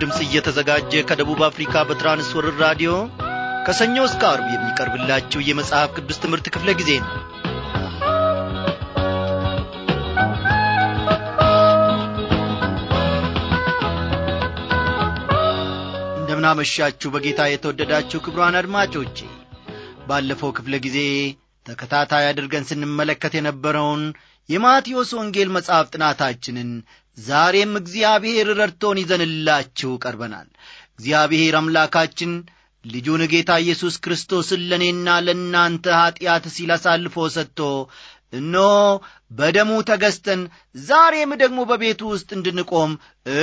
ድምፅ እየተዘጋጀ ከደቡብ አፍሪካ በትራንስወርር ራዲዮ ከሰኞ እስከ አርብ የሚቀርብላችሁ የመጽሐፍ ቅዱስ ትምህርት ክፍለ ጊዜ ነው። እንደምናመሻችሁ በጌታ የተወደዳችሁ ክብሯን አድማጮቼ ባለፈው ክፍለ ጊዜ ተከታታይ አድርገን ስንመለከት የነበረውን የማቴዎስ ወንጌል መጽሐፍ ጥናታችንን ዛሬም እግዚአብሔር ረድቶን ይዘንላችሁ ቀርበናል። እግዚአብሔር አምላካችን ልጁን ጌታ ኢየሱስ ክርስቶስን ለእኔና ለእናንተ ኀጢአት ሲል አሳልፎ ሰጥቶ እኖ በደሙ ተገዝተን ዛሬም ደግሞ በቤቱ ውስጥ እንድንቆም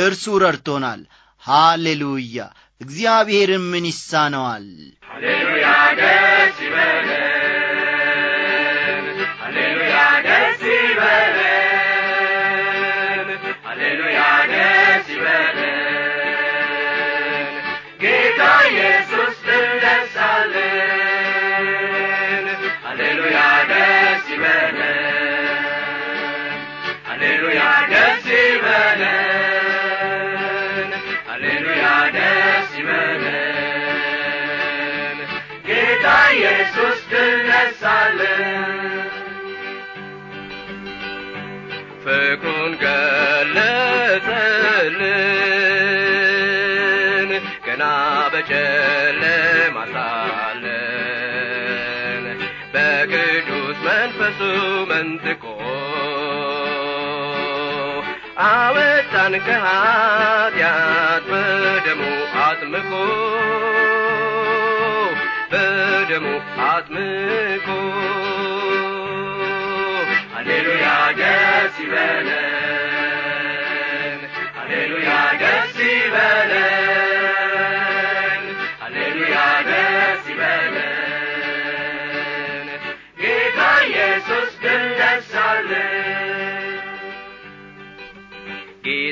እርሱ ረድቶናል። ሃሌሉያ! እግዚአብሔርን ምን ይሳነዋል? ሃሌሉያ ደስ ይበለ ይበለን፣ ሃሌሉያ ደስ ኢየሱስ ድል ነሳልን፣ ገና በጨለማ ሳለን በቅዱስ መንፈሱ መንጥቆ አወጣን ከኃጢአት በደሙ አጥምቆ በደሙ አጥምቆ ሃሌሉያ ደስ ይበለን ሃሌሉያ ደስ ይበለን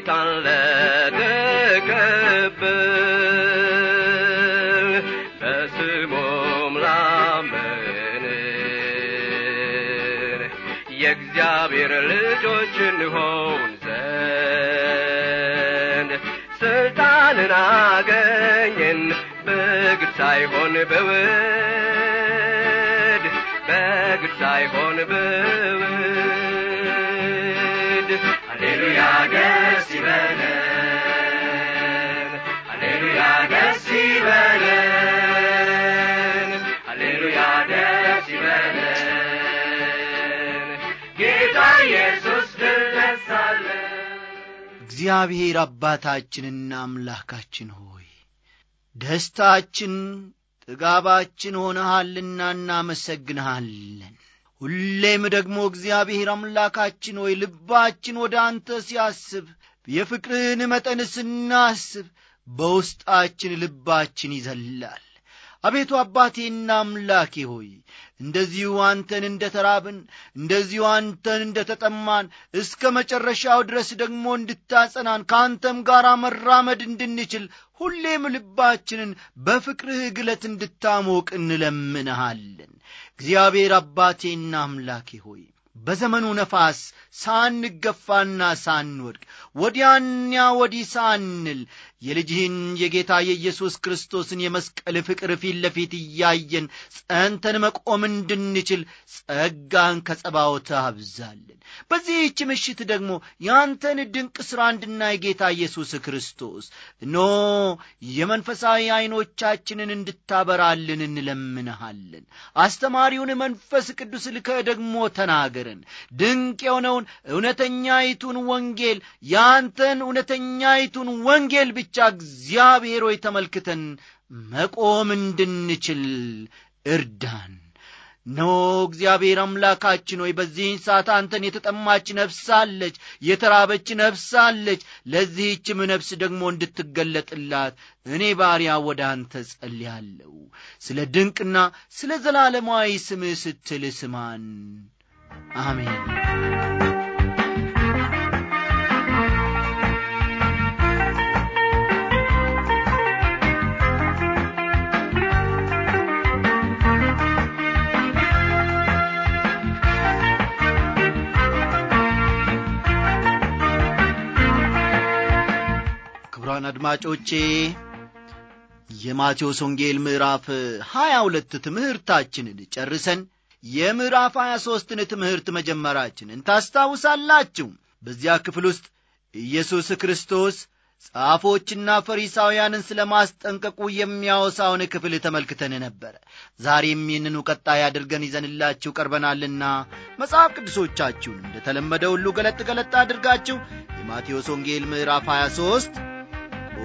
ጌታን ለተቀበል በስሙም ላመንን የእግዚአብሔር ልጆች እንሆን ዘንድ ስልጣንን አገኝን በግድ ሳይሆን በውድ በግድ ሳይሆን በውድ ሃሌሉያ ደስ ይበለን ሃሌሉያ ደስ ይበለን እግዚአብሔር አባታችንና አምላካችን ሆይ ደስታችን ጥጋባችን ሆነሃልና እናመሰግንሃለን ሁሌም ደግሞ እግዚአብሔር አምላካችን ሆይ ልባችን ወደ አንተ ሲያስብ የፍቅርህን መጠን ስናስብ በውስጣችን ልባችን ይዘላል። አቤቱ አባቴና አምላኬ ሆይ እንደዚሁ አንተን እንደ ተራብን እንደዚሁ አንተን እንደ ተጠማን እስከ መጨረሻው ድረስ ደግሞ እንድታጸናን ከአንተም ጋር መራመድ እንድንችል ሁሌም ልባችንን በፍቅርህ ግለት እንድታሞቅ እንለምንሃለን እግዚአብሔር አባቴና አምላኬ ሆይ በዘመኑ ነፋስ ሳንገፋና ሳንወድቅ ወዲያኛ ወዲህ ሳንል የልጅህን የጌታ የኢየሱስ ክርስቶስን የመስቀል ፍቅር ፊት ለፊት እያየን ጸንተን መቆም እንድንችል ጸጋን ከጸባዖት አብዛልን። በዚህች ምሽት ደግሞ ያንተን ድንቅ ሥራ እንድናይ የጌታ ኢየሱስ ክርስቶስ ኖ የመንፈሳዊ ዐይኖቻችንን እንድታበራልን እንለምንሃለን። አስተማሪውን መንፈስ ቅዱስ ልከህ ደግሞ ተናገርን። ድንቅ የሆነውን እውነተኛይቱን ወንጌል ያንተን እውነተኛይቱን ወንጌል ብቻ እግዚአብሔር ሆይ ተመልክተን መቆም እንድንችል እርዳን። ኖ እግዚአብሔር አምላካችን ሆይ በዚህን ሰዓት አንተን የተጠማች ነፍስ የተራበች ነፍስ አለች። ለዚህችም ነፍስ ደግሞ እንድትገለጥላት እኔ ባሪያ ወደ አንተ ጸልያለሁ። ስለ ድንቅና ስለ ዘላለማዊ ስምህ ስትል ስማን። አሜን። ክቡራን አድማጮቼ የማቴዎስ ወንጌል ምዕራፍ 22 ትምህርታችንን ጨርሰን የምዕራፍ 23ን ትምህርት መጀመራችንን ታስታውሳላችሁ። በዚያ ክፍል ውስጥ ኢየሱስ ክርስቶስ ጻፎችና ፈሪሳውያንን ስለ ማስጠንቀቁ የሚያወሳውን ክፍል ተመልክተን ነበረ። ዛሬም ይህንኑ ቀጣይ አድርገን ይዘንላችሁ ቀርበናልና መጽሐፍ ቅዱሶቻችሁን እንደተለመደ ሁሉ ገለጥ ገለጥ አድርጋችሁ የማቴዎስ ወንጌል ምዕራፍ 23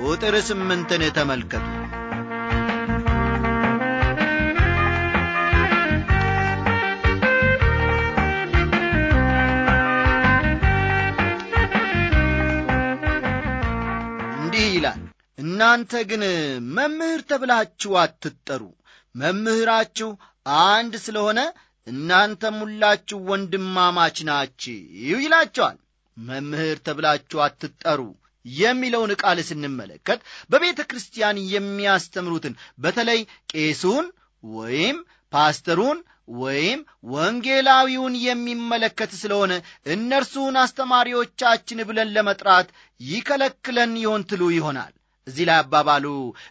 ቁጥር ስምንትን ተመልከቱ እንዲህ ይላል እናንተ ግን መምህር ተብላችሁ አትጠሩ መምህራችሁ አንድ ስለሆነ እናንተም ሁላችሁ ወንድማማች ናችሁ ይላቸዋል መምህር ተብላችሁ አትጠሩ የሚለውን ቃል ስንመለከት በቤተ ክርስቲያን የሚያስተምሩትን በተለይ ቄሱን ወይም ፓስተሩን ወይም ወንጌላዊውን የሚመለከት ስለሆነ እነርሱን አስተማሪዎቻችን ብለን ለመጥራት ይከለክለን ይሆን ትሉ ይሆናል እዚህ ላይ አባባሉ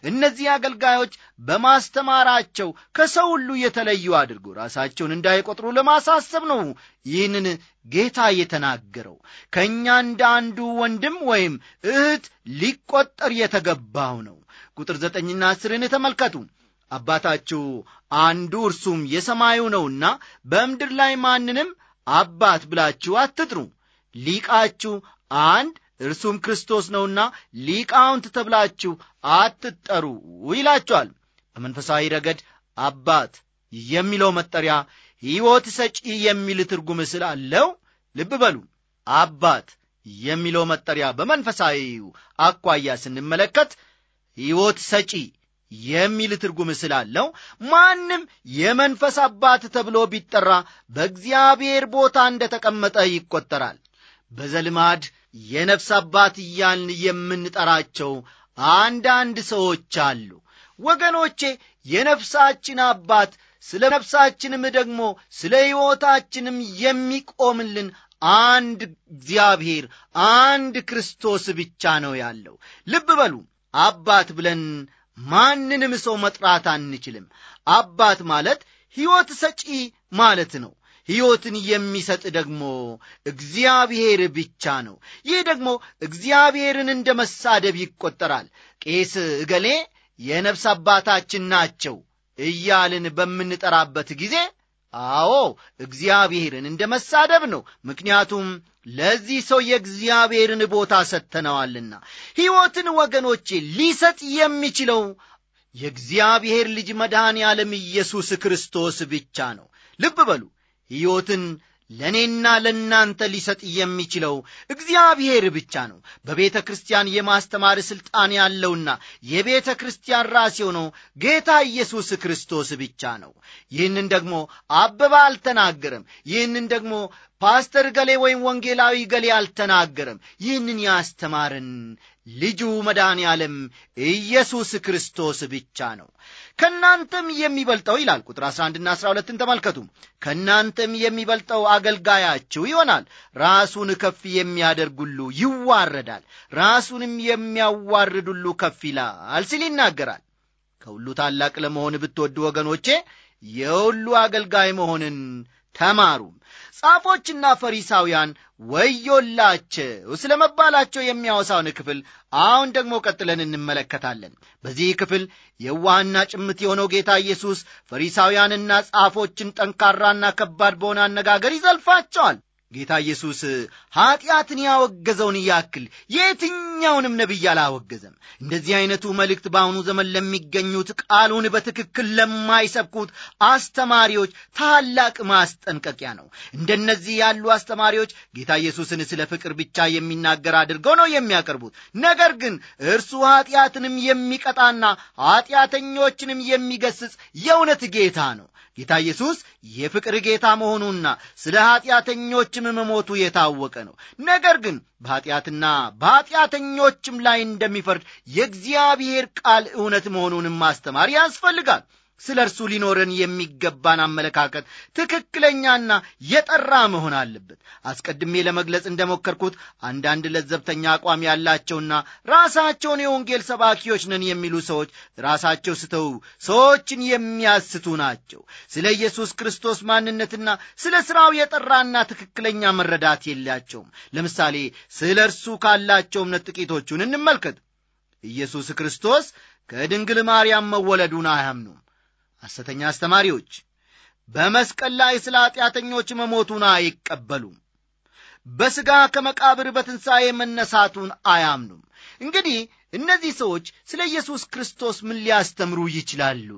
እነዚህ አገልጋዮች በማስተማራቸው ከሰው ሁሉ የተለዩ አድርጎ ራሳቸውን እንዳይቆጥሩ ለማሳሰብ ነው ይህንን ጌታ የተናገረው ከእኛ እንደ አንዱ ወንድም ወይም እህት ሊቆጠር የተገባው ነው ቁጥር ዘጠኝና ስርን ተመልከቱ አባታችሁ አንዱ እርሱም የሰማዩ ነውና በምድር ላይ ማንንም አባት ብላችሁ አትጥሩ ሊቃችሁ አንድ እርሱም ክርስቶስ ነውና ሊቃውንት ተብላችሁ አትጠሩ ይላችኋል በመንፈሳዊ ረገድ አባት የሚለው መጠሪያ ሕይወት ሰጪ የሚል ትርጉም ስላለው ልብ በሉ አባት የሚለው መጠሪያ በመንፈሳዊው አኳያ ስንመለከት ሕይወት ሰጪ የሚል ትርጉም ስላለው ማንም የመንፈስ አባት ተብሎ ቢጠራ በእግዚአብሔር ቦታ እንደ ተቀመጠ ይቈጠራል። በዘልማድ የነፍስ አባት እያልን የምንጠራቸው አንዳንድ ሰዎች አሉ። ወገኖቼ የነፍሳችን አባት ስለ ነፍሳችንም ደግሞ ስለ ሕይወታችንም የሚቆምልን አንድ እግዚአብሔር አንድ ክርስቶስ ብቻ ነው ያለው። ልብ በሉ፣ አባት ብለን ማንንም ሰው መጥራት አንችልም። አባት ማለት ሕይወት ሰጪ ማለት ነው። ሕይወትን የሚሰጥ ደግሞ እግዚአብሔር ብቻ ነው። ይህ ደግሞ እግዚአብሔርን እንደ መሳደብ ይቆጠራል። ቄስ እገሌ የነፍስ አባታችን ናቸው እያልን በምንጠራበት ጊዜ አዎ እግዚአብሔርን እንደ መሳደብ ነው። ምክንያቱም ለዚህ ሰው የእግዚአብሔርን ቦታ ሰጥተነዋልና። ሕይወትን ወገኖቼ ሊሰጥ የሚችለው የእግዚአብሔር ልጅ መድኃኔ ዓለም ኢየሱስ ክርስቶስ ብቻ ነው። ልብ በሉ ሕይወትን ለእኔና ለእናንተ ሊሰጥ የሚችለው እግዚአብሔር ብቻ ነው። በቤተ ክርስቲያን የማስተማር ሥልጣን ያለውና የቤተ ክርስቲያን ራስ የሆነው ጌታ ኢየሱስ ክርስቶስ ብቻ ነው። ይህንን ደግሞ አበባ አልተናገረም። ይህንን ደግሞ ፓስተር ገሌ ወይም ወንጌላዊ ገሌ አልተናገረም። ይህንን ያስተማረን ልጁ መዳን ያለም ኢየሱስ ክርስቶስ ብቻ ነው። ከእናንተም የሚበልጠው ይላል ቁጥር 11ና 12ን ተመልከቱ። ከእናንተም የሚበልጠው አገልጋያችሁ ይሆናል። ራሱን ከፍ የሚያደርግ ሁሉ ይዋረዳል፣ ራሱንም የሚያዋርድ ሁሉ ከፍ ይላል ሲል ይናገራል። ከሁሉ ታላቅ ለመሆን ብትወዱ ወገኖቼ የሁሉ አገልጋይ መሆንን ተማሩ። ጻፎችና ፈሪሳውያን ወዮላቸው ስለ መባላቸው የሚያወሳውን ክፍል አሁን ደግሞ ቀጥለን እንመለከታለን። በዚህ ክፍል የዋህና ጭምት የሆነው ጌታ ኢየሱስ ፈሪሳውያንና ጻፎችን ጠንካራና ከባድ በሆነ አነጋገር ይዘልፋቸዋል። ጌታ ኢየሱስ ኀጢአትን ያወገዘውን ያክል የትኛውንም ነቢይ አላወገዘም። እንደዚህ ዐይነቱ መልእክት በአሁኑ ዘመን ለሚገኙት ቃሉን በትክክል ለማይሰብኩት አስተማሪዎች ታላቅ ማስጠንቀቂያ ነው። እንደነዚህ ያሉ አስተማሪዎች ጌታ ኢየሱስን ስለ ፍቅር ብቻ የሚናገር አድርገው ነው የሚያቀርቡት። ነገር ግን እርሱ ኀጢአትንም የሚቀጣና ኀጢአተኞችንም የሚገስጽ የእውነት ጌታ ነው። ጌታ ኢየሱስ የፍቅር ጌታ መሆኑና ስለ ኀጢአተኞች በመስቀልም መሞቱ የታወቀ ነው። ነገር ግን በኀጢአትና በኀጢአተኞችም ላይ እንደሚፈርድ የእግዚአብሔር ቃል እውነት መሆኑንም ማስተማር ያስፈልጋል። ስለ እርሱ ሊኖረን የሚገባን አመለካከት ትክክለኛና የጠራ መሆን አለበት። አስቀድሜ ለመግለጽ እንደሞከርኩት አንዳንድ ለዘብተኛ አቋም ያላቸውና ራሳቸውን የወንጌል ሰባኪዎች ነን የሚሉ ሰዎች ራሳቸው ስተው ሰዎችን የሚያስቱ ናቸው። ስለ ኢየሱስ ክርስቶስ ማንነትና ስለ ሥራው የጠራና ትክክለኛ መረዳት የላቸውም። ለምሳሌ ስለ እርሱ ካላቸው እምነት ጥቂቶቹን እንመልከት። ኢየሱስ ክርስቶስ ከድንግል ማርያም መወለዱን አያምኑም። ሐሰተኛ አስተማሪዎች በመስቀል ላይ ስለ ኀጢአተኞች መሞቱን አይቀበሉም። በሥጋ ከመቃብር በትንሣኤ መነሳቱን አያምኑም። እንግዲህ እነዚህ ሰዎች ስለ ኢየሱስ ክርስቶስ ምን ሊያስተምሩ ይችላሉ?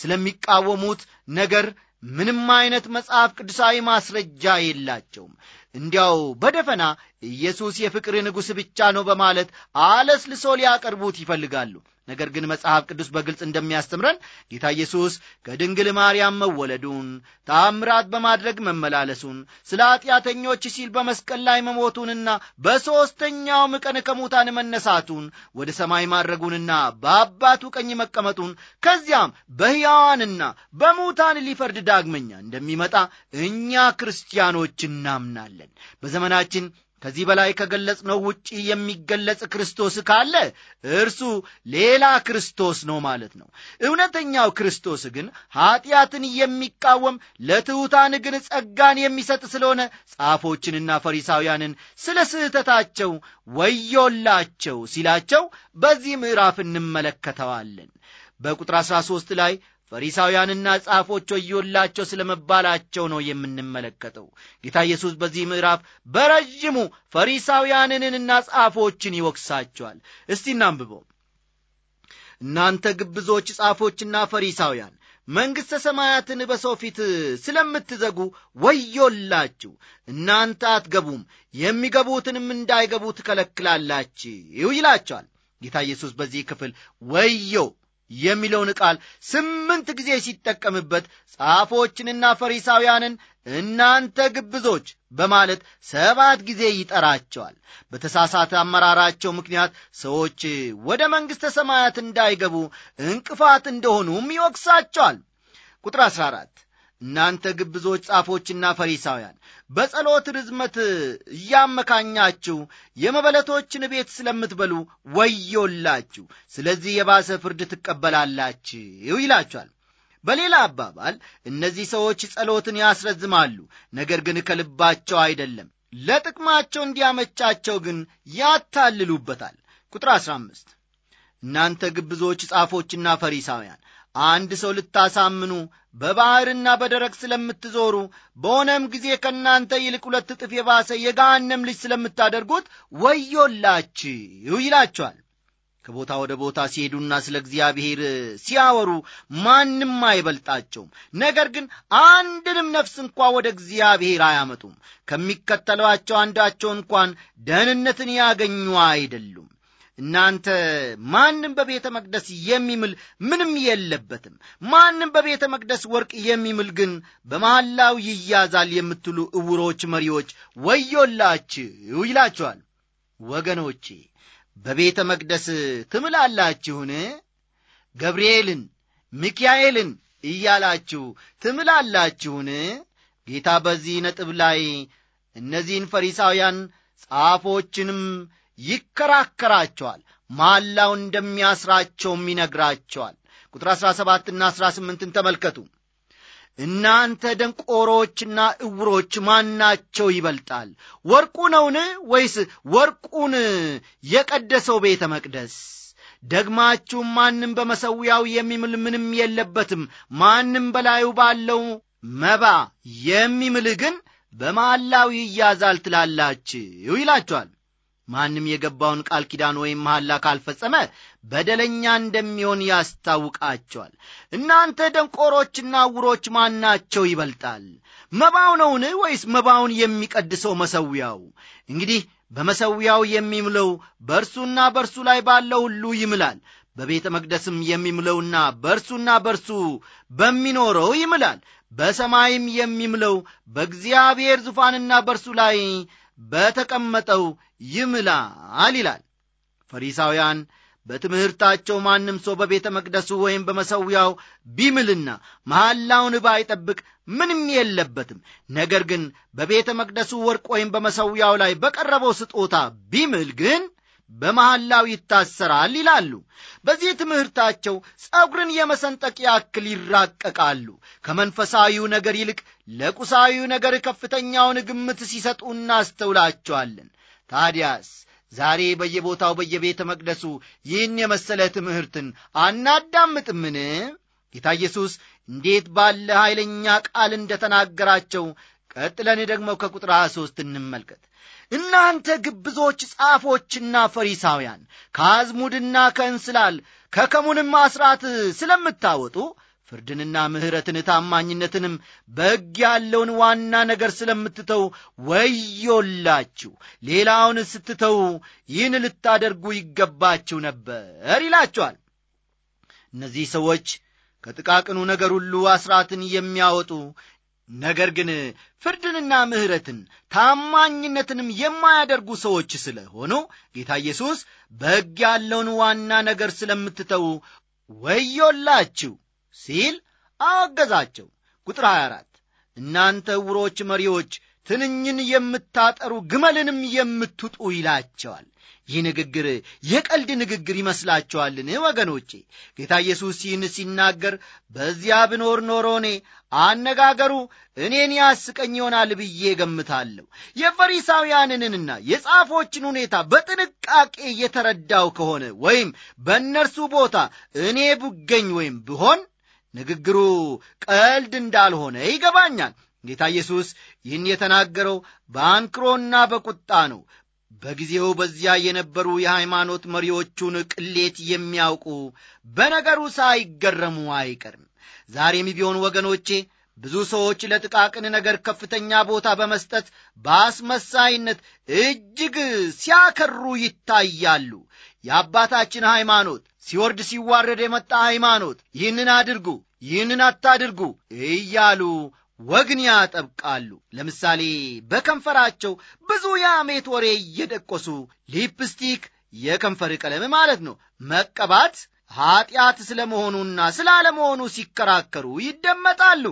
ስለሚቃወሙት ነገር ምንም አይነት መጽሐፍ ቅዱሳዊ ማስረጃ የላቸውም። እንዲያው በደፈና ኢየሱስ የፍቅር ንጉሥ ብቻ ነው በማለት አለስልሶ ሊያቀርቡት ይፈልጋሉ። ነገር ግን መጽሐፍ ቅዱስ በግልጽ እንደሚያስተምረን ጌታ ኢየሱስ ከድንግል ማርያም መወለዱን፣ ታምራት በማድረግ መመላለሱን፣ ስለ ኀጢአተኞች ሲል በመስቀል ላይ መሞቱንና በሦስተኛውም ቀን ከሙታን መነሳቱን፣ ወደ ሰማይ ማድረጉንና በአባቱ ቀኝ መቀመጡን ከዚያም በሕያዋንና በሙታን ሊፈርድ ዳግመኛ እንደሚመጣ እኛ ክርስቲያኖች እናምናለን። በዘመናችን ከዚህ በላይ ከገለጽነው ውጪ የሚገለጽ ክርስቶስ ካለ እርሱ ሌላ ክርስቶስ ነው ማለት ነው። እውነተኛው ክርስቶስ ግን ኀጢአትን የሚቃወም ለትሑታን ግን ጸጋን የሚሰጥ ስለሆነ ጻፎችንና ፈሪሳውያንን ስለ ስህተታቸው ወዮላቸው ሲላቸው በዚህ ምዕራፍ እንመለከተዋለን። በቁጥር 13 ላይ ፈሪሳውያንና ጻፎች ወዮላቸው ስለ መባላቸው ነው የምንመለከተው። ጌታ ኢየሱስ በዚህ ምዕራፍ በረዥሙ ፈሪሳውያንንና ጻፎችን ይወቅሳቸዋል። እስቲ እናንብበው። እናንተ ግብዞች ጻፎችና ፈሪሳውያን መንግሥተ ሰማያትን በሰው ፊት ስለምትዘጉ ወዮላችሁ። እናንተ አትገቡም፣ የሚገቡትንም እንዳይገቡ ትከለክላላችሁ ይላቸዋል። ጌታ ኢየሱስ በዚህ ክፍል ወዮ የሚለውን ቃል ስምንት ጊዜ ሲጠቀምበት ጻፎችንና ፈሪሳውያንን እናንተ ግብዞች በማለት ሰባት ጊዜ ይጠራቸዋል። በተሳሳተ አመራራቸው ምክንያት ሰዎች ወደ መንግሥተ ሰማያት እንዳይገቡ እንቅፋት እንደሆኑም ይወቅሳቸዋል። ቁጥር 14 እናንተ ግብዞች ጻፎችና ፈሪሳውያን በጸሎት ርዝመት እያመካኛችሁ የመበለቶችን ቤት ስለምትበሉ ወዮላችሁ፣ ስለዚህ የባሰ ፍርድ ትቀበላላችሁ ይላችኋል። በሌላ አባባል እነዚህ ሰዎች ጸሎትን ያስረዝማሉ፣ ነገር ግን ከልባቸው አይደለም። ለጥቅማቸው እንዲያመቻቸው ግን ያታልሉበታል። ቁጥር 15 እናንተ ግብዞች ጻፎችና ፈሪሳውያን አንድ ሰው ልታሳምኑ በባሕርና በደረቅ ስለምትዞሩ በሆነም ጊዜ ከእናንተ ይልቅ ሁለት እጥፍ የባሰ የገሃነም ልጅ ስለምታደርጉት ወዮላችሁ ይላቸዋል። ከቦታ ወደ ቦታ ሲሄዱና ስለ እግዚአብሔር ሲያወሩ ማንም አይበልጣቸውም። ነገር ግን አንድንም ነፍስ እንኳ ወደ እግዚአብሔር አያመጡም። ከሚከተሏቸው አንዳቸው እንኳን ደህንነትን ያገኙ አይደሉም። እናንተ ማንም በቤተ መቅደስ የሚምል ምንም የለበትም፣ ማንም በቤተ መቅደስ ወርቅ የሚምል ግን በመሐላው ይያዛል የምትሉ እውሮች መሪዎች ወዮላችሁ ይላችኋል። ወገኖቼ በቤተ መቅደስ ትምላላችሁን? ገብርኤልን ሚካኤልን እያላችሁ ትምላላችሁን? ጌታ በዚህ ነጥብ ላይ እነዚህን ፈሪሳውያን ጻፎችንም ይከራከራቸዋል፣ ማላው እንደሚያስራቸውም ይነግራቸዋል። ቁጥር 17ና 18ን ተመልከቱ። እናንተ ደንቆሮችና እውሮች ማናቸው ይበልጣል? ወርቁ ነውን? ወይስ ወርቁን የቀደሰው ቤተ መቅደስ? ደግማችሁም ማንም በመሠዊያው የሚምል ምንም የለበትም። ማንም በላዩ ባለው መባ የሚምል ግን በማላው ይያዛል ትላላችሁ ይላችኋል። ማንም የገባውን ቃል ኪዳን ወይም መሐላ ካልፈጸመ በደለኛ እንደሚሆን ያስታውቃቸዋል። እናንተ ደንቆሮችና ዕውሮች ማናቸው ይበልጣል? መባው ነውን ወይስ መባውን የሚቀድሰው መሠዊያው? እንግዲህ በመሠዊያው የሚምለው በእርሱና በእርሱ ላይ ባለው ሁሉ ይምላል። በቤተ መቅደስም የሚምለውና በእርሱና በእርሱ በሚኖረው ይምላል። በሰማይም የሚምለው በእግዚአብሔር ዙፋንና በእርሱ ላይ በተቀመጠው ይምላል ይላል። ፈሪሳውያን በትምህርታቸው ማንም ሰው በቤተ መቅደሱ ወይም በመሠዊያው ቢምልና መሐላውን ባይጠብቅ ምንም የለበትም። ነገር ግን በቤተ መቅደሱ ወርቅ ወይም በመሠዊያው ላይ በቀረበው ስጦታ ቢምል ግን በመሐላው ይታሰራል ይላሉ። በዚህ ትምህርታቸው ጸጉርን የመሰንጠቅ ያክል ይራቀቃሉ። ከመንፈሳዊው ነገር ይልቅ ለቁሳዊው ነገር ከፍተኛውን ግምት ሲሰጡ እናስተውላቸዋለን። ታዲያስ ዛሬ በየቦታው በየቤተ መቅደሱ ይህን የመሰለ ትምህርትን አናዳምጥምን? ጌታ ኢየሱስ እንዴት ባለ ኃይለኛ ቃል እንደተናገራቸው ቀጥለን ደግሞ ከቁጥር 23 እንመልከት። እናንተ ግብዞች ጻፎችና ፈሪሳውያን ከአዝሙድና ከእንስላል ከከሙንም አስራት ስለምታወጡ ፍርድንና ምሕረትን ታማኝነትንም በሕግ ያለውን ዋና ነገር ስለምትተው ወዮላችሁ። ሌላውን ስትተው ይህን ልታደርጉ ይገባችሁ ነበር ይላችኋል እነዚህ ሰዎች ከጥቃቅኑ ነገር ሁሉ አስራትን የሚያወጡ ነገር ግን ፍርድንና ምሕረትን ታማኝነትንም የማያደርጉ ሰዎች ስለሆኑ ጌታ ኢየሱስ በሕግ ያለውን ዋና ነገር ስለምትተው ወዮላችሁ ሲል አወገዛቸው። ቁጥር 24 እናንተ ውሮች መሪዎች ትንኝን የምታጠሩ ግመልንም የምትጡ ይላቸዋል። ይህ ንግግር የቀልድ ንግግር ይመስላችኋልን? ወገኖቼ ጌታ ኢየሱስ ይህን ሲናገር በዚያ ብኖር ኖሮ እኔ አነጋገሩ እኔን ያስቀኝ ይሆናል ብዬ ገምታለሁ። የፈሪሳውያንንና የጻፎችን ሁኔታ በጥንቃቄ እየተረዳው ከሆነ ወይም በእነርሱ ቦታ እኔ ብገኝ ወይም ብሆን ንግግሩ ቀልድ እንዳልሆነ ይገባኛል። ጌታ ኢየሱስ ይህን የተናገረው በአንክሮና በቁጣ ነው። በጊዜው በዚያ የነበሩ የሃይማኖት መሪዎቹን ቅሌት የሚያውቁ በነገሩ ሳይገረሙ አይቀርም። ዛሬም ቢሆን ወገኖቼ ብዙ ሰዎች ለጥቃቅን ነገር ከፍተኛ ቦታ በመስጠት በአስመሳይነት እጅግ ሲያከሩ ይታያሉ። የአባታችን ሃይማኖት ሲወርድ ሲዋረድ የመጣ ሃይማኖት፣ ይህንን አድርጉ፣ ይህንን አታድርጉ እያሉ ወግን ያጠብቃሉ። ለምሳሌ በከንፈራቸው ብዙ የአሜት ወሬ እየደቆሱ ሊፕስቲክ፣ የከንፈር ቀለም ማለት ነው፣ መቀባት ኀጢአት ስለ መሆኑና ስለ አለመሆኑ ሲከራከሩ ይደመጣሉ።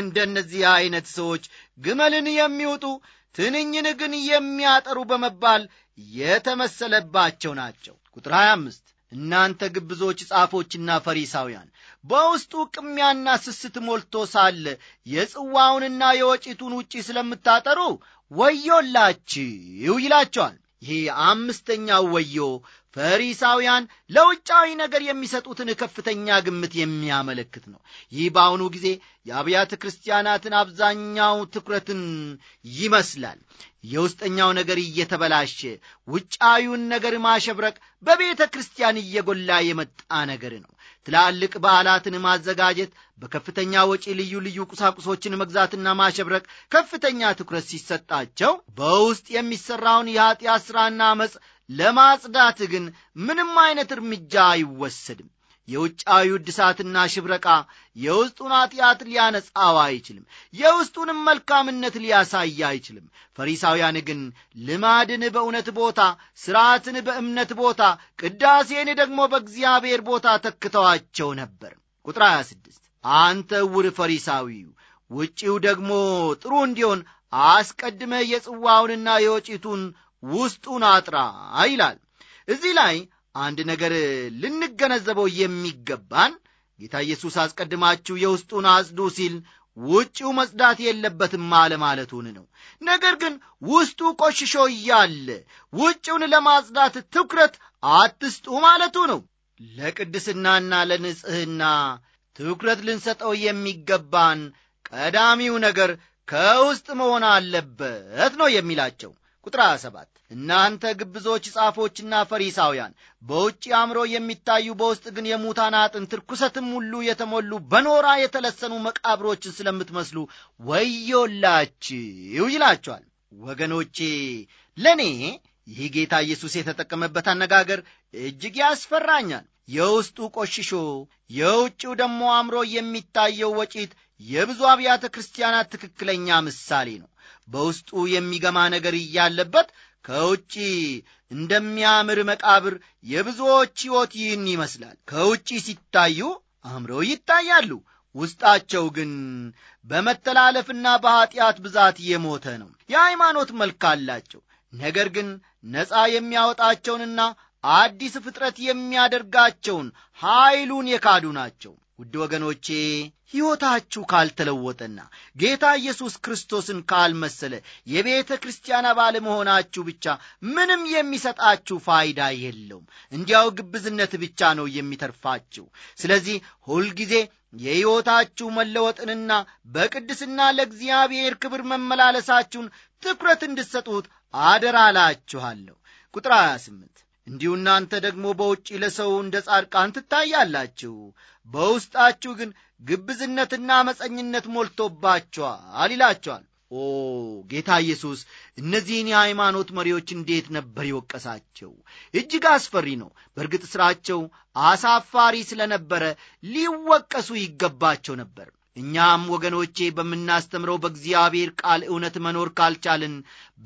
እንደነዚህ አይነት ሰዎች ግመልን የሚውጡ ትንኝን ግን የሚያጠሩ በመባል የተመሰለባቸው ናቸው። ቁጥር 25 እናንተ ግብዞች ጻፎችና ፈሪሳውያን በውስጡ ቅሚያና ስስት ሞልቶ ሳለ የጽዋውንና የወጪቱን ውጪ ስለምታጠሩ ወዮላችሁ ይላቸዋል። ይህ አምስተኛው ወዮ ፈሪሳውያን ለውጫዊ ነገር የሚሰጡትን ከፍተኛ ግምት የሚያመለክት ነው። ይህ በአሁኑ ጊዜ የአብያተ ክርስቲያናትን አብዛኛው ትኩረትን ይመስላል። የውስጠኛው ነገር እየተበላሸ ውጫዊውን ነገር ማሸብረቅ በቤተ ክርስቲያን እየጎላ የመጣ ነገር ነው። ትላልቅ በዓላትን ማዘጋጀት፣ በከፍተኛ ወጪ ልዩ ልዩ ቁሳቁሶችን መግዛትና ማሸብረቅ ከፍተኛ ትኩረት ሲሰጣቸው በውስጥ የሚሠራውን የኀጢአት ሥራና አመፅ ለማጽዳት ግን ምንም አይነት እርምጃ አይወሰድም። የውጫዊ እድሳትና ሽብረቃ የውስጡን ኃጢአት ሊያነጻው አይችልም። የውስጡንም መልካምነት ሊያሳይ አይችልም። ፈሪሳውያን ግን ልማድን በእውነት ቦታ፣ ሥርዓትን በእምነት ቦታ፣ ቅዳሴን ደግሞ በእግዚአብሔር ቦታ ተክተዋቸው ነበር። ቁጥር 26 አንተ ዕውር ፈሪሳዊው ውጪው ደግሞ ጥሩ እንዲሆን አስቀድመህ የጽዋውንና የወጪቱን ውስጡን አጥራ ይላል። እዚህ ላይ አንድ ነገር ልንገነዘበው የሚገባን ጌታ ኢየሱስ አስቀድማችሁ የውስጡን አጽዱ ሲል ውጭው መጽዳት የለበትም ማለቱን ነው። ነገር ግን ውስጡ ቆሽሾ እያለ ውጭውን ለማጽዳት ትኩረት አትስጡ ማለቱ ነው። ለቅድስናና ለንጽሕና ትኩረት ልንሰጠው የሚገባን ቀዳሚው ነገር ከውስጥ መሆን አለበት ነው የሚላቸው። ቁጥር 27 እናንተ ግብዞች ጻፎችና ፈሪሳውያን በውጭ አምሮ የሚታዩ በውስጥ ግን የሙታን አጥንት ርኩሰትም ሁሉ የተሞሉ በኖራ የተለሰኑ መቃብሮችን ስለምትመስሉ ወዮላችሁ ይላቸዋል። ወገኖቼ ለእኔ ይህ ጌታ ኢየሱስ የተጠቀመበት አነጋገር እጅግ ያስፈራኛል። የውስጡ ቆሽሾ የውጭው ደግሞ አምሮ የሚታየው ወጪት የብዙ አብያተ ክርስቲያናት ትክክለኛ ምሳሌ ነው። በውስጡ የሚገማ ነገር እያለበት ከውጪ እንደሚያምር መቃብር የብዙዎች ሕይወት ይህን ይመስላል። ከውጪ ሲታዩ አምረው ይታያሉ። ውስጣቸው ግን በመተላለፍና በኀጢአት ብዛት የሞተ ነው። የሃይማኖት መልክ አላቸው፣ ነገር ግን ነፃ የሚያወጣቸውንና አዲስ ፍጥረት የሚያደርጋቸውን ኀይሉን የካዱ ናቸው። ውድ ወገኖቼ ሕይወታችሁ ካልተለወጠና ጌታ ኢየሱስ ክርስቶስን ካልመሰለ የቤተ ክርስቲያን አባል መሆናችሁ ብቻ ምንም የሚሰጣችሁ ፋይዳ የለውም። እንዲያው ግብዝነት ብቻ ነው የሚተርፋችሁ። ስለዚህ ሁልጊዜ የሕይወታችሁ መለወጥንና በቅድስና ለእግዚአብሔር ክብር መመላለሳችሁን ትኩረት እንድትሰጡት አደራ ቁጥር 28 እንዲሁ እናንተ ደግሞ በውጭ ለሰው እንደ ጻድቃን ትታያላችሁ፣ በውስጣችሁ ግን ግብዝነትና አመፀኝነት ሞልቶባችኋል ይላቸዋል። ኦ ጌታ ኢየሱስ እነዚህን የሃይማኖት መሪዎች እንዴት ነበር የወቀሳቸው! እጅግ አስፈሪ ነው። በእርግጥ ሥራቸው አሳፋሪ ስለነበረ ሊወቀሱ ይገባቸው ነበር። እኛም ወገኖቼ በምናስተምረው በእግዚአብሔር ቃል እውነት መኖር ካልቻልን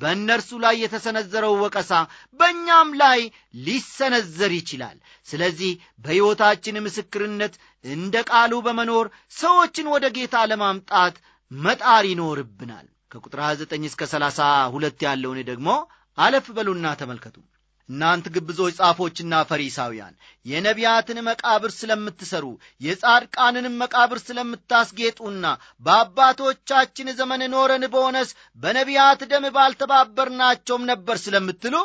በእነርሱ ላይ የተሰነዘረው ወቀሳ በእኛም ላይ ሊሰነዘር ይችላል። ስለዚህ በሕይወታችን ምስክርነት እንደ ቃሉ በመኖር ሰዎችን ወደ ጌታ ለማምጣት መጣር ይኖርብናል። ከቁጥር 29 እስከ 32 ያለውን ደግሞ አለፍ በሉና ተመልከቱ። እናንት ግብዞች ጻፎችና ፈሪሳውያን የነቢያትን መቃብር ስለምትሰሩ የጻድቃንንም መቃብር ስለምታስጌጡና በአባቶቻችን ዘመን ኖረን በሆነስ በነቢያት ደም ባልተባበርናቸውም ነበር ስለምትሉ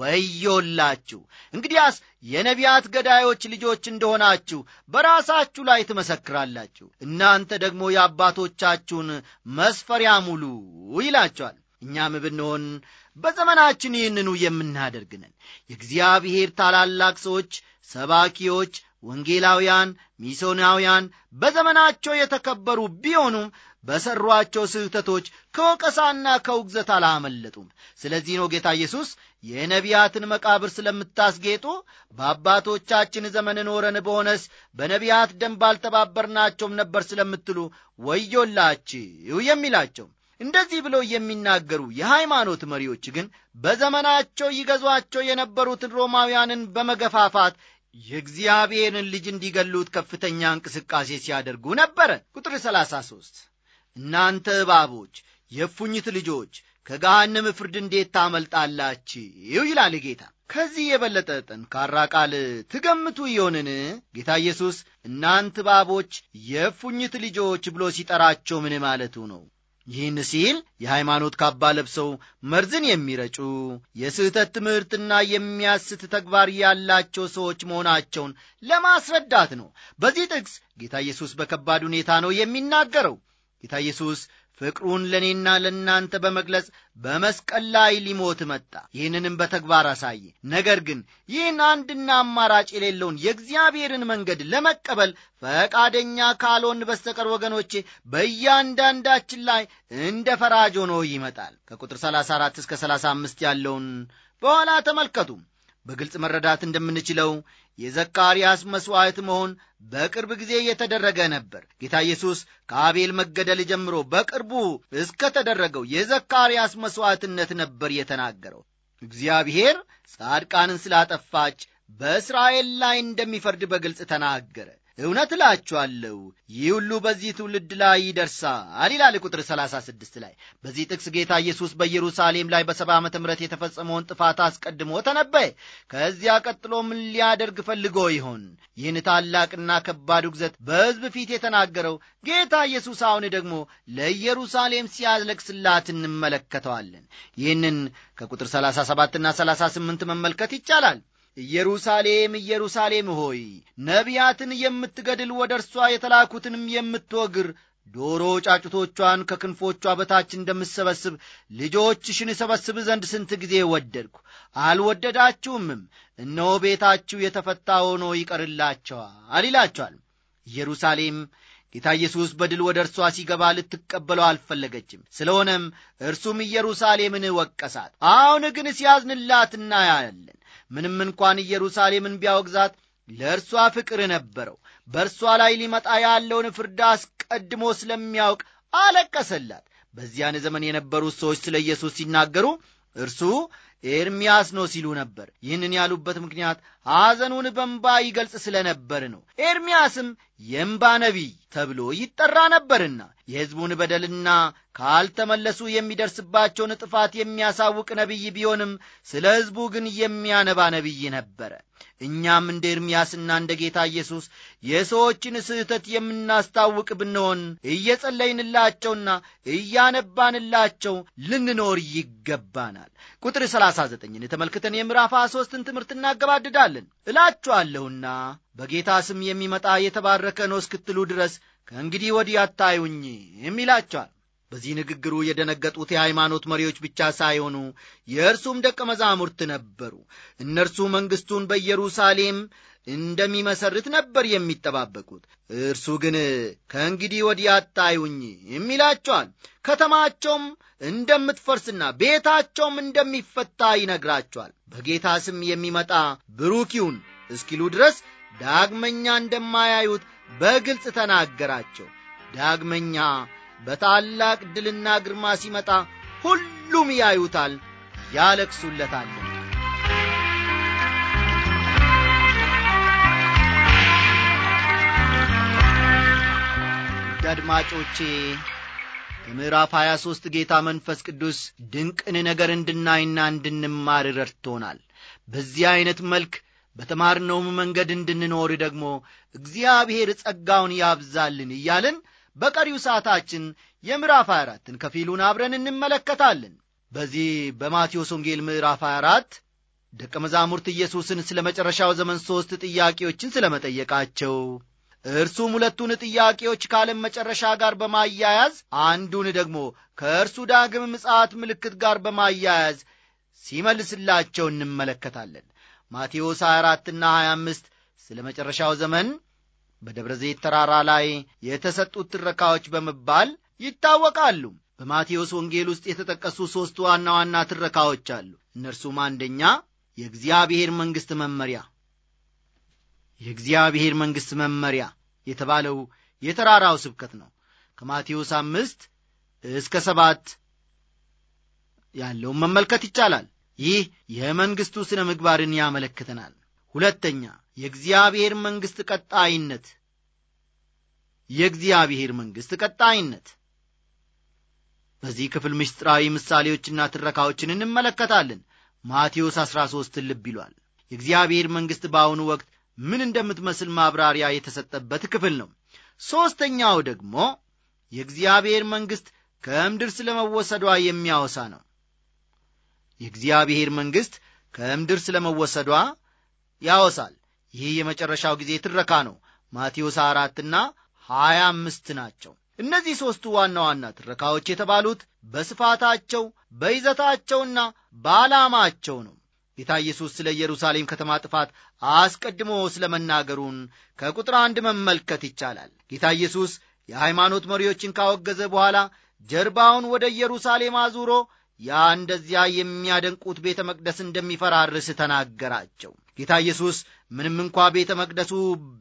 ወዮላችሁ! እንግዲያስ የነቢያት ገዳዮች ልጆች እንደሆናችሁ በራሳችሁ ላይ ትመሰክራላችሁ። እናንተ ደግሞ የአባቶቻችሁን መስፈሪያ ሙሉ ይላቸዋል። እኛም ብንሆን በዘመናችን ይህንኑ የምናደርግ ነን። የእግዚአብሔር ታላላቅ ሰዎች፣ ሰባኪዎች፣ ወንጌላውያን፣ ሚሶናውያን በዘመናቸው የተከበሩ ቢሆኑም በሠሯቸው ስህተቶች ከወቀሳና ከውግዘት አላመለጡም። ስለዚህ ነው ጌታ ኢየሱስ የነቢያትን መቃብር ስለምታስጌጡ በአባቶቻችን ዘመን ኖረን በሆነስ በነቢያት ደንብ አልተባበርናቸውም ነበር ስለምትሉ ወዮላችሁ የሚላቸው። እንደዚህ ብለው የሚናገሩ የሃይማኖት መሪዎች ግን በዘመናቸው ይገዟቸው የነበሩትን ሮማውያንን በመገፋፋት የእግዚአብሔርን ልጅ እንዲገሉት ከፍተኛ እንቅስቃሴ ሲያደርጉ ነበረ። ቁጥር 33 እናንተ እባቦች፣ የእፉኝት ልጆች ከገሃንም ፍርድ እንዴት ታመልጣላችሁ? ይላል ጌታ። ከዚህ የበለጠ ጠንካራ ቃል ትገምቱ ይሆንን? ጌታ ኢየሱስ እናንተ እባቦች፣ የእፉኝት ልጆች ብሎ ሲጠራቸው ምን ማለቱ ነው? ይህን ሲል የሃይማኖት ካባ ለብሰው መርዝን የሚረጩ የስህተት ትምህርትና የሚያስት ተግባር ያላቸው ሰዎች መሆናቸውን ለማስረዳት ነው። በዚህ ጥቅስ ጌታ ኢየሱስ በከባድ ሁኔታ ነው የሚናገረው። ጌታ ኢየሱስ ፍቅሩን ለእኔና ለእናንተ በመግለጽ በመስቀል ላይ ሊሞት መጣ። ይህንንም በተግባር አሳየ። ነገር ግን ይህን አንድና አማራጭ የሌለውን የእግዚአብሔርን መንገድ ለመቀበል ፈቃደኛ ካልሆን በስተቀር ወገኖቼ በእያንዳንዳችን ላይ እንደ ፈራጅ ሆኖ ይመጣል። ከቁጥር 34 እስከ 35 ያለውን በኋላ ተመልከቱ። በግልጽ መረዳት እንደምንችለው የዘካርያስ መሥዋዕት መሆን በቅርብ ጊዜ የተደረገ ነበር። ጌታ ኢየሱስ ከአቤል መገደል ጀምሮ በቅርቡ ተደረገው የዘካርያስ መሥዋዕትነት ነበር የተናገረው። እግዚአብሔር ጻድቃንን ስላጠፋች በእስራኤል ላይ እንደሚፈርድ በግልጽ ተናገረ። እውነት እላችኋለሁ ይህ ሁሉ በዚህ ትውልድ ላይ ይደርሳል ይላል ቁጥር 36 ላይ። በዚህ ጥቅስ ጌታ ኢየሱስ በኢየሩሳሌም ላይ በሰባ ዓመተ ምረት የተፈጸመውን ጥፋት አስቀድሞ ተነበየ። ከዚያ ቀጥሎ ምን ሊያደርግ ፈልጎ ይሆን? ይህን ታላቅና ከባድ ውግዘት በሕዝብ ፊት የተናገረው ጌታ ኢየሱስ አሁን ደግሞ ለኢየሩሳሌም ሲያለቅስላት እንመለከተዋለን። ይህንን ከቁጥር 37ና 38 መመልከት ይቻላል። ኢየሩሳሌም ኢየሩሳሌም ሆይ ነቢያትን የምትገድል ወደ እርሷ የተላኩትንም የምትወግር ዶሮ ጫጩቶቿን ከክንፎቿ በታች እንደምሰበስብ ልጆችሽን እሰበስብ ዘንድ ስንት ጊዜ ወደድኩ፣ አልወደዳችሁምም። እነሆ ቤታችሁ የተፈታ ሆኖ ይቀርላቸዋል ይላቸዋል። ኢየሩሳሌም ጌታ ኢየሱስ በድል ወደ እርሷ ሲገባ ልትቀበለው አልፈለገችም። ስለሆነም እርሱም ኢየሩሳሌምን ወቀሳት። አሁን ግን ሲያዝንላት እናያለን። ምንም እንኳን ኢየሩሳሌምን ቢያወግዛት ለእርሷ ፍቅር ነበረው። በእርሷ ላይ ሊመጣ ያለውን ፍርድ አስቀድሞ ስለሚያውቅ አለቀሰላት። በዚያን ዘመን የነበሩት ሰዎች ስለ ኢየሱስ ሲናገሩ እርሱ ኤርምያስ ነው ሲሉ ነበር። ይህንን ያሉበት ምክንያት ሐዘኑን በንባ ይገልጽ ነበር ነው። ኤርምያስም የእምባ ነቢይ ተብሎ ይጠራ ነበርና የሕዝቡን በደልና ካልተመለሱ የሚደርስባቸውን ጥፋት የሚያሳውቅ ነቢይ ቢሆንም ስለ ሕዝቡ ግን የሚያነባ ነቢይ ነበረ። እኛም እንደ ኤርምያስና እንደ ጌታ ኢየሱስ የሰዎችን ስህተት የምናስታውቅ ብንሆን እየጸለይንላቸውና እያነባንላቸው ልንኖር ይገባናል። ቁጥር 39ን ተመልክተን የምዕራፍ 23ን ትምህርት እናገባድዳለን። እላችኋለሁና በጌታ ስም የሚመጣ የተባረከ ነው እስክትሉ ድረስ ከእንግዲህ ወዲህ አታዩኝም ይላቸዋል። በዚህ ንግግሩ የደነገጡት የሃይማኖት መሪዎች ብቻ ሳይሆኑ የእርሱም ደቀ መዛሙርት ነበሩ። እነርሱ መንግሥቱን በኢየሩሳሌም እንደሚመሰርት ነበር የሚጠባበቁት። እርሱ ግን ከእንግዲህ ወዲህ አታዩኝም ይላቸዋል። ከተማቸውም እንደምትፈርስና ቤታቸውም እንደሚፈታ ይነግራቸዋል። በጌታ ስም የሚመጣ ብሩክ ይሁን እስኪሉ ድረስ ዳግመኛ እንደማያዩት በግልጽ ተናገራቸው። ዳግመኛ በታላቅ ድልና ግርማ ሲመጣ ሁሉም ያዩታል፣ ያለቅሱለታል። አድማጮቼ ከምዕራፍ 23 ጌታ መንፈስ ቅዱስ ድንቅን ነገር እንድናይና እንድንማር ረድቶናል። በዚህ ዐይነት መልክ በተማርነውም መንገድ እንድንኖር ደግሞ እግዚአብሔር ጸጋውን ያብዛልን እያልን በቀሪው ሰዓታችን የምዕራፍ 24ን ከፊሉን አብረን እንመለከታለን። በዚህ በማቴዎስ ወንጌል ምዕራፍ 24 ደቀ መዛሙርት ኢየሱስን ስለ መጨረሻው ዘመን ሦስት ጥያቄዎችን ስለ መጠየቃቸው እርሱም ሁለቱን ጥያቄዎች ካለም መጨረሻ ጋር በማያያዝ አንዱን ደግሞ ከእርሱ ዳግም ምጽአት ምልክት ጋር በማያያዝ ሲመልስላቸው እንመለከታለን። ማቴዎስ 24 ና 25 ስለ መጨረሻው ዘመን በደብረ ዘይት ተራራ ላይ የተሰጡት ትረካዎች በመባል ይታወቃሉ። በማቴዎስ ወንጌል ውስጥ የተጠቀሱ ሦስት ዋና ዋና ትረካዎች አሉ። እነርሱም አንደኛ የእግዚአብሔር መንግሥት መመሪያ። የእግዚአብሔር መንግሥት መመሪያ የተባለው የተራራው ስብከት ነው። ከማቴዎስ አምስት እስከ ሰባት ያለውን መመልከት ይቻላል። ይህ የመንግሥቱ ሥነ ምግባርን ያመለክተናል። ሁለተኛ የእግዚአብሔር መንግሥት ቀጣይነት የእግዚአብሔር መንግሥት ቀጣይነት በዚህ ክፍል ምስጢራዊ ምሳሌዎችና ትረካዎችን እንመለከታለን ማቴዎስ 13 ልብ ይሏል የእግዚአብሔር መንግሥት በአሁኑ ወቅት ምን እንደምትመስል ማብራሪያ የተሰጠበት ክፍል ነው ሦስተኛው ደግሞ የእግዚአብሔር መንግሥት ከምድር ስለ መወሰዷ የሚያወሳ ነው የእግዚአብሔር መንግሥት ከምድር ስለ መወሰዷ ያወሳል። ይህ የመጨረሻው ጊዜ ትረካ ነው። ማቴዎስ አራትና ሀያ አምስት ናቸው። እነዚህ ሦስቱ ዋና ዋና ትረካዎች የተባሉት በስፋታቸው በይዘታቸውና በዓላማቸው ነው። ጌታ ኢየሱስ ስለ ኢየሩሳሌም ከተማ ጥፋት አስቀድሞ ስለ መናገሩን ከቁጥር አንድ መመልከት ይቻላል። ጌታ ኢየሱስ የሃይማኖት መሪዎችን ካወገዘ በኋላ ጀርባውን ወደ ኢየሩሳሌም አዙሮ ያ እንደዚያ የሚያደንቁት ቤተ መቅደስ እንደሚፈራርስ ተናገራቸው። ጌታ ኢየሱስ ምንም እንኳ ቤተ መቅደሱ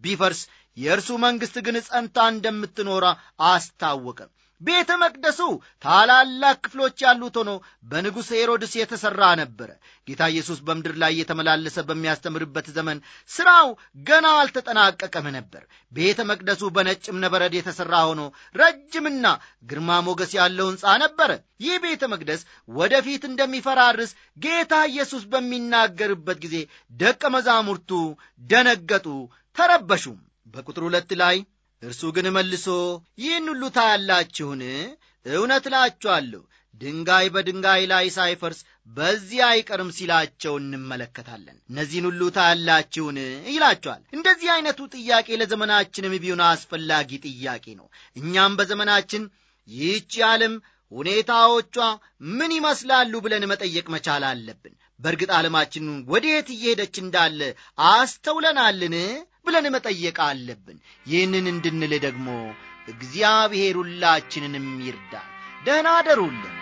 ቢፈርስ የእርሱ መንግሥት ግን ጸንታ እንደምትኖራ አስታወቀ ቤተ መቅደሱ ታላላቅ ክፍሎች ያሉት ሆኖ በንጉሥ ሄሮድስ የተሠራ ነበረ። ጌታ ኢየሱስ በምድር ላይ የተመላለሰ በሚያስተምርበት ዘመን ሥራው ገና አልተጠናቀቀም ነበር። ቤተ መቅደሱ በነጭ እብነበረድ የተሠራ ሆኖ ረጅምና ግርማ ሞገስ ያለው ሕንፃ ነበረ። ይህ ቤተ መቅደስ ወደፊት እንደሚፈራርስ ጌታ ኢየሱስ በሚናገርበት ጊዜ ደቀ መዛሙርቱ ደነገጡ፣ ተረበሹም። በቁጥር ሁለት ላይ እርሱ ግን መልሶ ይህን ሁሉ ታያላችሁን? እውነት እላችኋለሁ ድንጋይ በድንጋይ ላይ ሳይፈርስ በዚህ አይቀርም ሲላቸው እንመለከታለን። እነዚህን ሁሉ ታያላችሁን ይላቸዋል። እንደዚህ አይነቱ ጥያቄ ለዘመናችንም ቢሆን አስፈላጊ ጥያቄ ነው። እኛም በዘመናችን ይህች ዓለም ሁኔታዎቿ ምን ይመስላሉ ብለን መጠየቅ መቻል አለብን። በእርግጥ ዓለማችን ወዴት እየሄደች እንዳለ አስተውለናልን? ብለን መጠየቅ አለብን። ይህንን እንድንል ደግሞ እግዚአብሔር ሁላችንንም ይርዳል። ደህና አደሩልን።